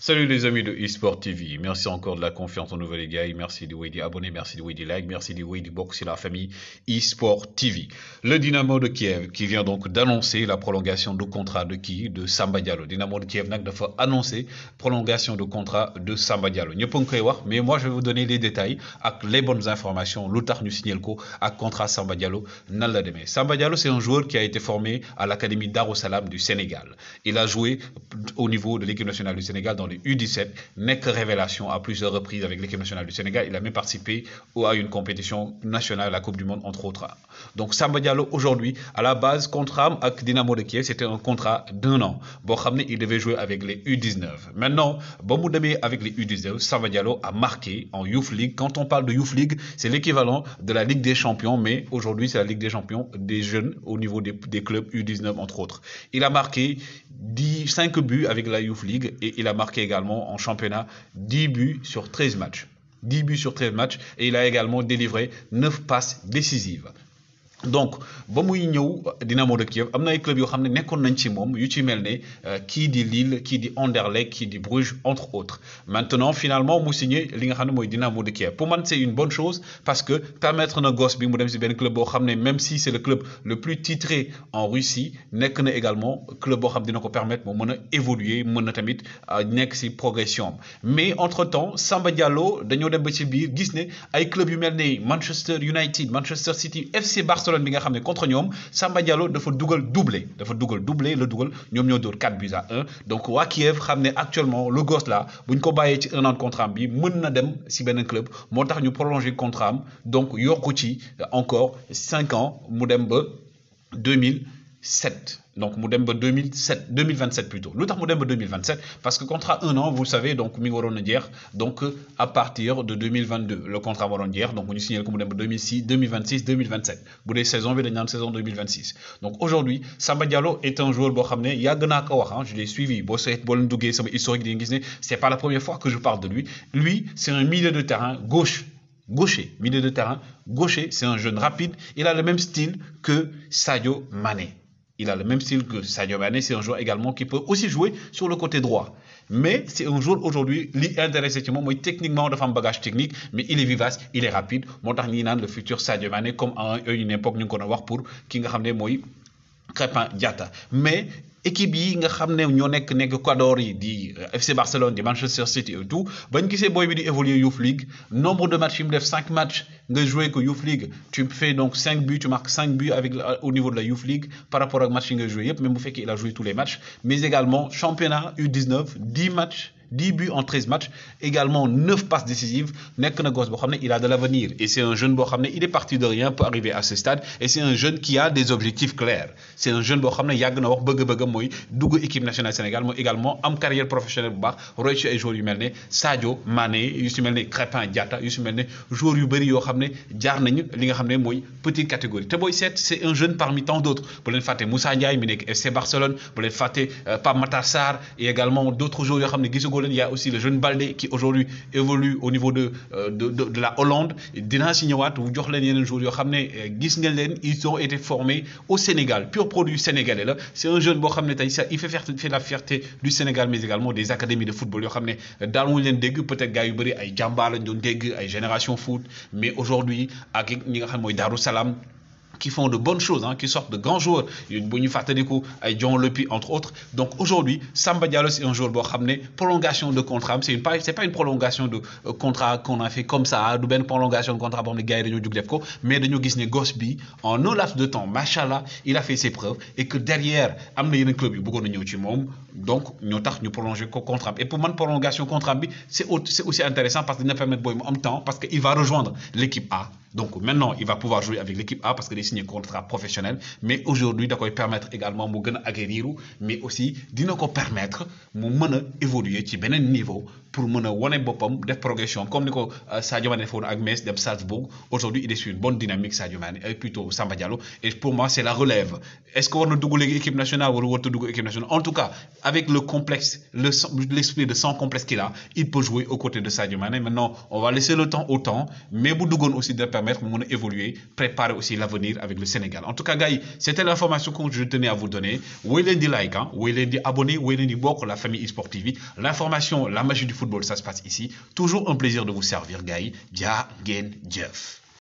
Salut les amis de eSport TV. Merci encore de la confiance en nouvelle les gars. Merci de vous abonner, merci de vous like, merci de vous du boxer la famille eSport TV. Le Dynamo de Kiev qui vient donc d'annoncer la prolongation de contrat de qui De Sambadialo. Dynamo de Kiev n'a pas annoncé prolongation de contrat de Samba Diallo. mais moi je vais vous donner les détails avec les bonnes informations. L'outar nous signale à contrat Samba Diallo. Samba Diallo c'est un joueur qui a été formé à l'académie Salam du Sénégal. Il a joué au niveau de l'équipe nationale du Sénégal dans les U17, n'est que révélation à plusieurs reprises avec l'équipe nationale du Sénégal. Il a même participé à une compétition nationale, la Coupe du Monde, entre autres. Donc Samba Diallo, aujourd'hui, à la base, contrat avec Dynamo de Kiev, c'était un contrat d'un an. Bon, il devait jouer avec les U19. Maintenant, bon, avec les U19, Samba Diallo a marqué en Youth League. Quand on parle de Youth League, c'est l'équivalent de la Ligue des Champions, mais aujourd'hui, c'est la Ligue des Champions des jeunes au niveau des, des clubs U19, entre autres. Il a marqué 10 5 buts avec la Youth League et il a marqué également en championnat 10 buts sur 13 matchs. 10 buts sur 13 matchs et il a également délivré 9 passes décisives donc ba muy ñëw Dynamo de Kiev am ay club yoo xam ne nekkoon nañ ci moom yu ci mel ne euh, kii di Lille qui di Anderlecht qui di Bruges entre autres maintenant finalement mu signé li nga xam ne mooy Dynamo de Kiev pour man c'est une bonne chose parce que permettre na gosse bi mu dem si benn club boo xam même si c'est le club le plus titré en Russie nekk na également club boo xam dina ko permettre mu mën a évoluer mën na tamit euh, nekk si progression mais entre temps Samba Diallo dañoo dem ba ci biir gis ne ay club yu mel Manchester United Manchester City FC Barcelone Barcelone bi nga xamné contre ñom Samba Diallo dafa duggal doublé dafa duggal doublé le duggal ñom ñoo 4 buts à 1 donc Wakiev Kiev xam actuellement le gosse là buñ ko bayé ci un an de contrat bi mën dem si benen club motax ñu prolonger contrat donc yokku ci encore 5 ans mu dem ba 2000. 7. Donc mu 2007 2027 plutôt Nous mu 2027 parce que contrat un an vous savez donc mi donc à partir de 2022 le contrat waroon donc on signé ko mu dem 2006 2026 2027 bu saison bi dañ saison 2026. donc aujourd'hui Samba Diallo est un joueur boo xam ne hein, je l'ai suivi c'est pas la première fois que je parle de lui lui c'est un milieu de terrain gauche. gaucher, milieu de terrain, gaucher, c'est un jeune rapide, il a le même style que Sadio Mané. Il a le même style que Sadio Mané, c'est un joueur également qui peut aussi jouer sur le côté droit. Mais c'est un joueur aujourd'hui, qui effectivement, moi techniquement, de faire un bagage technique, mais il est vivace, il est rapide. Montagne le futur Sadio Mané, comme à une époque, nous connaissons pour qui Moï, Crépin Diata. Mais équipe yi nga xamné euh, Barcelone di Manchester City et tout bi di évoluer Youth League nombre de matchs im def 5 matchs nga joué ko Youth League tu fais donc 5 buts tu marques 5 buts avec au niveau de la Youth League par rapport de match de joué même bu il a joué tous les matchs mais également championnat U19 10 matchs. 10 buts en 13 matchs également 9 passes décisives nekk na gosse il a de l'avenir et c'est un jeune boo il est parti de rien pour arriver à ce stade et c'est un jeune qui a des objectifs clairs c'est un jeune boo xam ne yàgg na wax bëgg équipe nationale Sénégal mooy également am carrière professionnelle bu baax roy ci ay joueurs yu Sadio Mané yu si Crépin Diatta yu si mel ne joueurs yu bëri yoo nañu li nga petite catégorie te booy seet c'est un jeune parmi tant d'autres Pour leen fàtte Moussa Ndiaye mi FC Barcelone Pour leen fàtte euh, Pape Matar et également d'autres joueurs qui xam il y a aussi le jeune Baldé qui aujourd'hui évolue au niveau de, euh, de, la Hollande. Euh, ils ont été formés au Sénégal pur produit sénégalais c'est un jeune qui il fait la fierté du Sénégal mais également des académies de football il y a peut-être gars yu jambal ay jàmbaar génération foot mais aujourd'hui ak ñi nga Darou Salam qui font de bonnes choses, hein, qui sortent de grands joueurs. Bougnou Fatelikou, John Lepi, entre autres. Donc aujourd'hui, Samba Diallo, c'est un joueur qui prolongation de contrat. Ce n'est pas, une prolongation de euh, contrat qu'on a fait comme ça, une prolongation de contrat pour les gars de New mais de New Gosby, en un laps de temps, machallah, il a fait ses preuves et que derrière, il y a un club qui donc nous avons prolongé le contrat. Et pour moi, prolongation contrat, c'est aussi intéressant parce qu'il temps parce qu'il va rejoindre l'équipe A. Donc maintenant, il va pouvoir jouer avec l'équipe A parce qu'il a signé un contrat professionnel. Mais aujourd'hui, il va permettre également de gagner mais aussi, il permettre de évoluer à un niveau pour mener a wane des def progression comme niko euh, Sadio Mané defoon ak Metz dem Salzbourg aujourd'hui il est sur une bonne dynamique Sadio Mané plutôt Samba Diallo et pour moi c'est la relève est-ce qu'on a une équipe nationale ou une a équipe nationale en tout cas avec le complexe le l'esprit de sans complexe qu'il a il peut jouer aux côtés de Sadio Mané maintenant on va laisser le temps au temps mais pour duggoon aussi de permettre de évoluer préparer aussi l'avenir avec le Sénégal en tout cas gars c'était l'information que je tenais à vous donner Vous leen liker like ah abonner leen di hein. abonné la famille sportive TV l'information la magie du football, ça se passe ici. Toujours un plaisir de vous servir, Guy. Bien, Jeff.